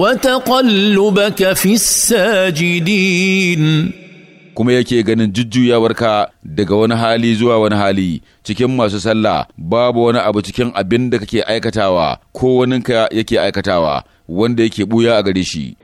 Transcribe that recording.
وتقلبك في الساجدين kuma yake ganin jujjuyawarka daga wani hali zuwa wani hali cikin masu sallah babu wani abu cikin abin da kake aikatawa ko waninka yake aikatawa wanda yake buya a gare shi